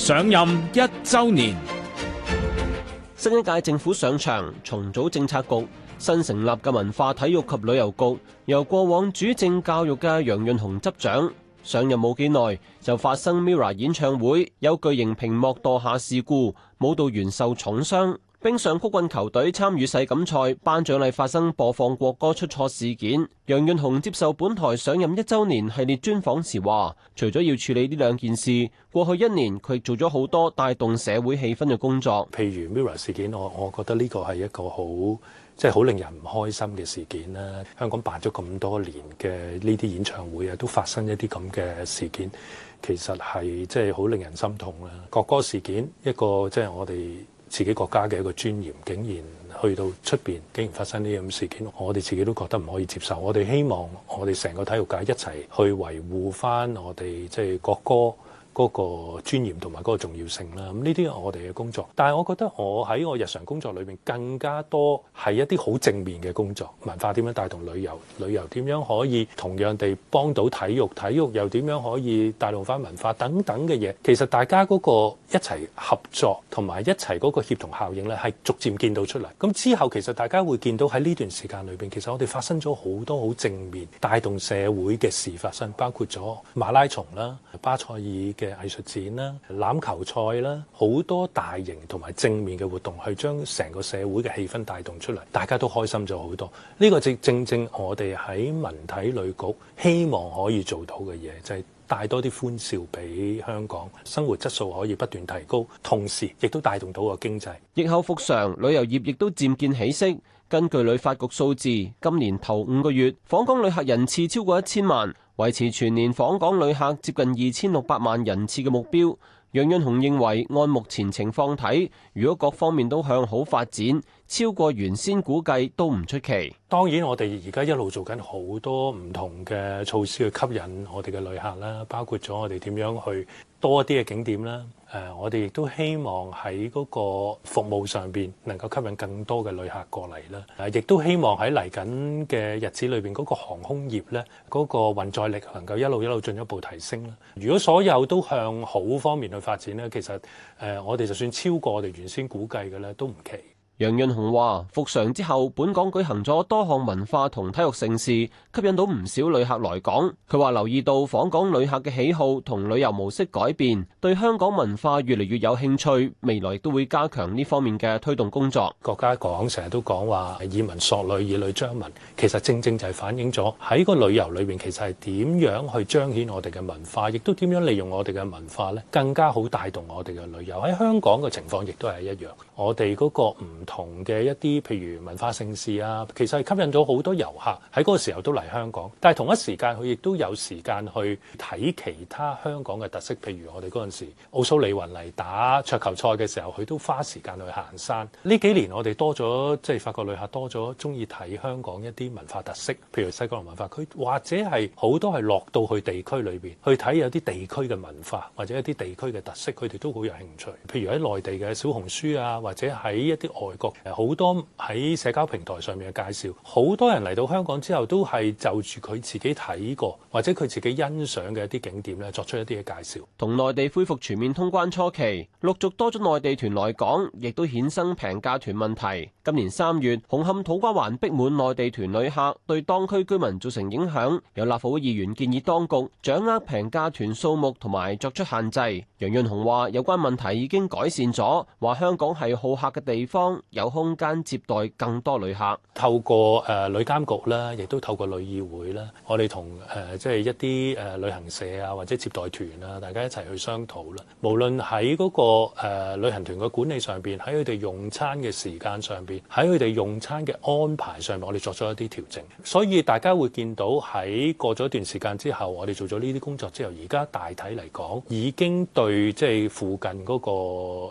上任一周年，新一屆政府上場重組政策局，新成立嘅文化體育及旅遊局由過往主政教育嘅楊潤雄執掌。上任冇幾耐，就發生 MIRROR 演唱會有巨型屏幕墮下事故，舞蹈員受重傷。冰上曲棍球隊參與世錦賽頒獎禮發生播放國歌出錯事件，楊潤雄接受本台上任一周年系列專訪時話，除咗要處理呢兩件事，過去一年佢做咗好多帶動社會氣氛嘅工作。譬如 MIRROR 事件，我我覺得呢個係一個好即係好令人唔開心嘅事件啦。香港辦咗咁多年嘅呢啲演唱會啊，都發生一啲咁嘅事件，其實係即係好令人心痛啦。國歌事件一個即係、就是、我哋自己國家嘅一個尊嚴，竟然去到出邊，竟然發生呢啲咁事件，我哋自己都覺得唔可以接受。我哋希望我哋成個體育界一齊去維護返我哋，即係國歌。嗰個尊嚴同埋嗰個重要性啦，咁呢啲係我哋嘅工作。但係我覺得我喺我日常工作裏邊更加多係一啲好正面嘅工作，文化點樣帶動旅遊，旅遊點樣可以同樣地幫到體育，體育又點樣可以帶動翻文化等等嘅嘢。其實大家嗰個一齊合作同埋一齊嗰個協同效應咧，係逐漸見到出嚟。咁之後其實大家會見到喺呢段時間裏邊其實我哋發生咗好多好正面帶動社會嘅事發生，包括咗馬拉松啦、巴塞爾嘅藝術展啦、籃球賽啦，好多大型同埋正面嘅活動，係將成個社會嘅氣氛帶動出嚟，大家都開心咗好多。呢個正正正，我哋喺文體旅局希望可以做到嘅嘢，就係、是、帶多啲歡笑俾香港，生活質素可以不斷提高，同時亦都帶動到個經濟。疫後復常，旅遊業亦都漸見起色。根據旅發局數字，今年頭五個月訪港旅客人次超過一千萬，維持全年訪港旅客接近二千六百萬人次嘅目標。楊潤雄認為，按目前情況睇，如果各方面都向好發展，超過原先估計都唔出奇。當然，我哋而家一路做緊好多唔同嘅措施去吸引我哋嘅旅客啦，包括咗我哋點樣去。多一啲嘅景點啦，誒，我哋亦都希望喺嗰個服務上邊能夠吸引更多嘅旅客過嚟啦，誒，亦都希望喺嚟緊嘅日子裏邊嗰個航空業咧，嗰個運載力能夠一路一路進一步提升啦。如果所有都向好方面去發展咧，其實誒，我哋就算超過我哋原先估計嘅咧，都唔奇。楊潤雄話：復常之後，本港舉行咗多項文化同體育盛事，吸引到唔少旅客來港。佢話留意到訪港旅客嘅喜好同旅遊模式改變，對香港文化越嚟越有興趣。未來亦都會加強呢方面嘅推動工作。國家講成日都講話以文塑旅、以旅彰文，其實正正就係反映咗喺個旅遊裏面，其實係點樣去彰顯我哋嘅文化，亦都點樣利用我哋嘅文化呢，更加好帶動我哋嘅旅遊。喺香港嘅情況亦都係一樣，我哋嗰個唔。同嘅一啲譬如文化盛事啊，其實係吸引咗好多遊客喺嗰個時候都嚟香港，但係同一時間佢亦都有時間去睇其他香港嘅特色，譬如我哋嗰陣時奧蘇利雲嚟打桌球賽嘅時候，佢都花時間去行山。呢幾年我哋多咗即係法國旅客多咗，中意睇香港一啲文化特色，譬如西九龍文化區或者係好多係落到去地區裏邊去睇有啲地區嘅文化或者一啲地區嘅特色，佢哋都好有興趣。譬如喺內地嘅小紅書啊，或者喺一啲外。好多喺社交平台上面嘅介紹，好多人嚟到香港之後都係就住佢自己睇過或者佢自己欣賞嘅一啲景點咧，作出一啲嘅介紹。同內地恢復全面通關初期，陸續多咗內地團來港，亦都衍生平價團問題。今年三月，紅磡土瓜灣逼滿內地團旅客，對當區居民造成影響，有立法會議員建議當局掌握平價團數目同埋作出限制。楊潤雄話有關問題已經改善咗，話香港係好客嘅地方。有空間接待更多旅客。透過誒旅監局啦，亦都透過旅議會啦，我哋同誒即係一啲誒旅行社啊或者接待團啊，大家一齊去商討啦。無論喺嗰個誒旅行團嘅管理上邊，喺佢哋用餐嘅時間上邊，喺佢哋用餐嘅安排上面，我哋作咗一啲調整。所以大家會見到喺過咗一段時間之後，我哋做咗呢啲工作之後，而家大體嚟講已經對即係附近嗰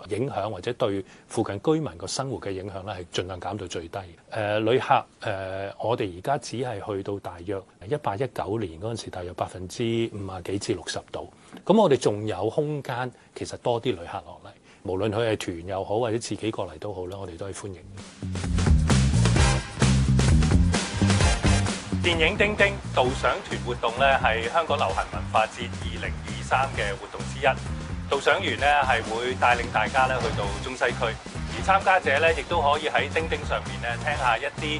個影響或者對附近居民個生活嘅嘅影響咧，係盡量減到最低。誒、呃，旅客誒、呃，我哋而家只係去到大約一八一九年嗰陣時，大約百分之五啊幾至六十度。咁我哋仲有空間，其實多啲旅客落嚟，無論佢係團又好，或者自己過嚟都好咧，我哋都係歡迎。電影叮叮《叮叮導賞團》活動咧，係香港流行文化節二零二三嘅活動之一。導賞員咧係會帶領大家咧去到中西區。而參加者咧，亦都可以喺叮叮上面咧，聽下一啲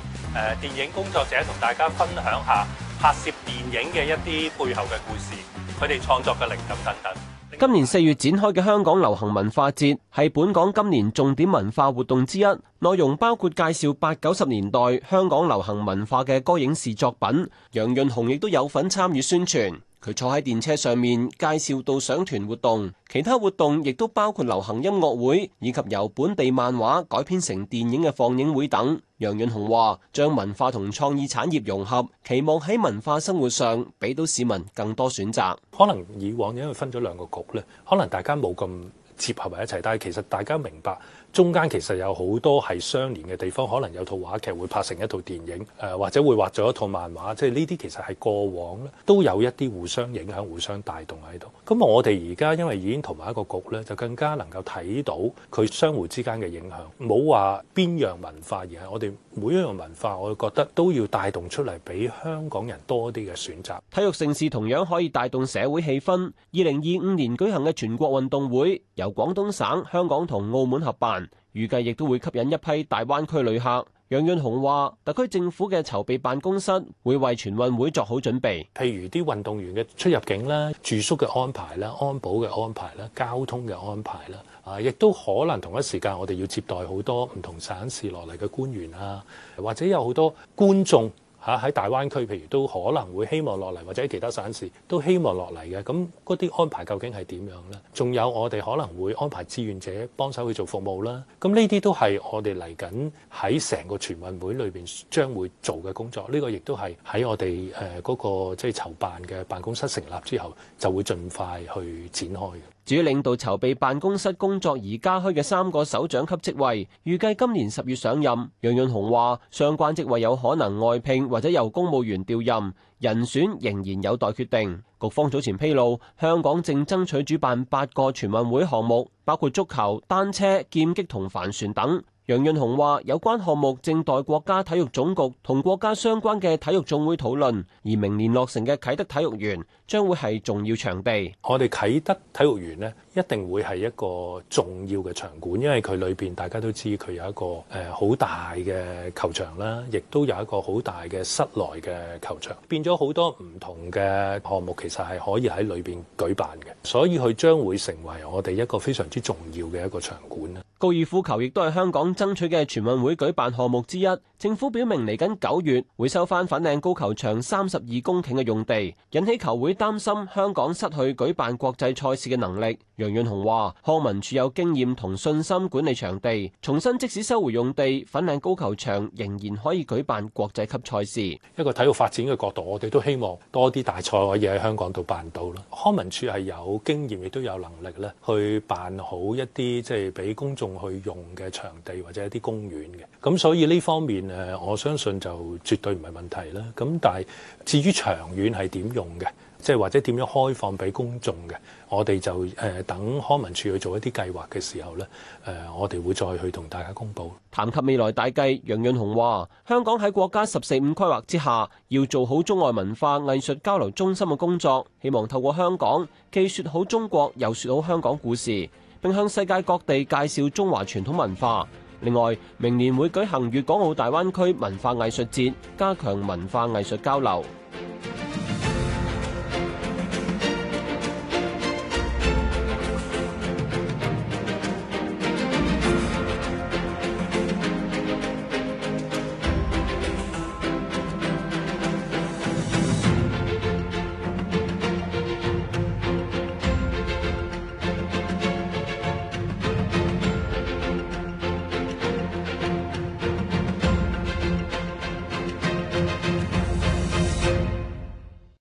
誒電影工作者同大家分享下拍攝電影嘅一啲背後嘅故事，佢哋創作嘅靈感等等。今年四月展開嘅香港流行文化節係本港今年重點文化活動之一，內容包括介紹八九十年代香港流行文化嘅歌影視作品。楊潤雄亦都有份參與宣傳。佢坐喺電車上面介紹到賞團活動，其他活動亦都包括流行音樂會以及由本地漫畫改編成電影嘅放映會等。楊潤雄話，將文化同創意產業融合，期望喺文化生活上俾到市民更多選擇。可能以往因為分咗兩個局咧，可能大家冇咁結合埋一齊，但係其實大家明白。中間其實有好多係相連嘅地方，可能有套話劇會拍成一套電影，誒或者會畫咗一套漫畫，即係呢啲其實係過往咧都有一啲互相影響、互相帶動喺度。咁我哋而家因為已經同埋一個局咧，就更加能夠睇到佢相互之間嘅影響，冇話邊樣文化，而係我哋每一樣文化，我覺得都要帶動出嚟俾香港人多啲嘅選擇。體育盛事同樣可以帶動社會氣氛。二零二五年舉行嘅全國運動會由廣東省、香港同澳門合辦。預計亦都會吸引一批大灣區旅客。楊潤雄話，特區政府嘅籌備辦公室會為全運會作好準備，譬如啲運動員嘅出入境啦、住宿嘅安排啦、安保嘅安排啦、交通嘅安排啦，啊，亦都可能同一時間我哋要接待好多唔同省市落嚟嘅官員啊，或者有好多觀眾。嚇喺大灣區，譬如都可能會希望落嚟，或者其他省市都希望落嚟嘅。咁嗰啲安排究竟係點樣呢？仲有我哋可能會安排志願者幫手去做服務啦。咁呢啲都係我哋嚟緊喺成個全運會裏邊將會做嘅工作。呢個亦都係喺我哋誒嗰個即係籌辦嘅辦公室成立之後就會盡快去展開。主要領導籌備辦公室工作而加開嘅三個首長級職位，預計今年十月上任。楊潤雄話，相關職位有可能外聘或者由公務員調任，人選仍然有待決定。局方早前披露，香港正爭取主辦八個全運會項目，包括足球、單車、劍擊同帆船等。楊潤雄話：有關項目正待國家體育總局同國家相關嘅體育總會討論，而明年落成嘅啟德體育園將會係重要場地。我哋啟德體育園呢，一定會係一個重要嘅場館，因為佢裏邊大家都知佢有一個誒好大嘅球場啦，亦都有一個好大嘅室內嘅球場，變咗好多唔同嘅項目，其實係可以喺裏邊舉辦嘅，所以佢將會成為我哋一個非常之重要嘅一個場館啦。高爾夫球亦都係香港爭取嘅全運會舉辦項目之一。政府表明嚟緊九月會收翻粉嶺高球場三十二公頃嘅用地，引起球會擔心香港失去舉辦國際賽事嘅能力楊潤。楊潤雄話：康文署有經驗同信心管理場地，重新即使收回用地，粉嶺高球場仍然可以舉辦國際級賽事。一個體育發展嘅角度，我哋都希望多啲大賽可以喺香港度辦到咯。康文署係有經驗亦都有能力咧，去辦好一啲即係俾公眾。去用嘅場地或者一啲公園嘅。咁所以呢方面誒，我相信就絕對唔係問題啦。咁但係至於長遠係點用嘅，即係或者點樣開放俾公眾嘅，我哋就誒等康文署去做一啲計劃嘅時候咧，誒我哋會再去同大家公布。談及未來大計，楊潤雄話：香港喺國家十四五規劃之下，要做好中外文化藝術交流中心嘅工作，希望透過香港既説好中國，又説好香港故事。並向世界各地介紹中華傳統文化。另外，明年會舉行粵港澳大灣區文化藝術節，加強文化藝術交流。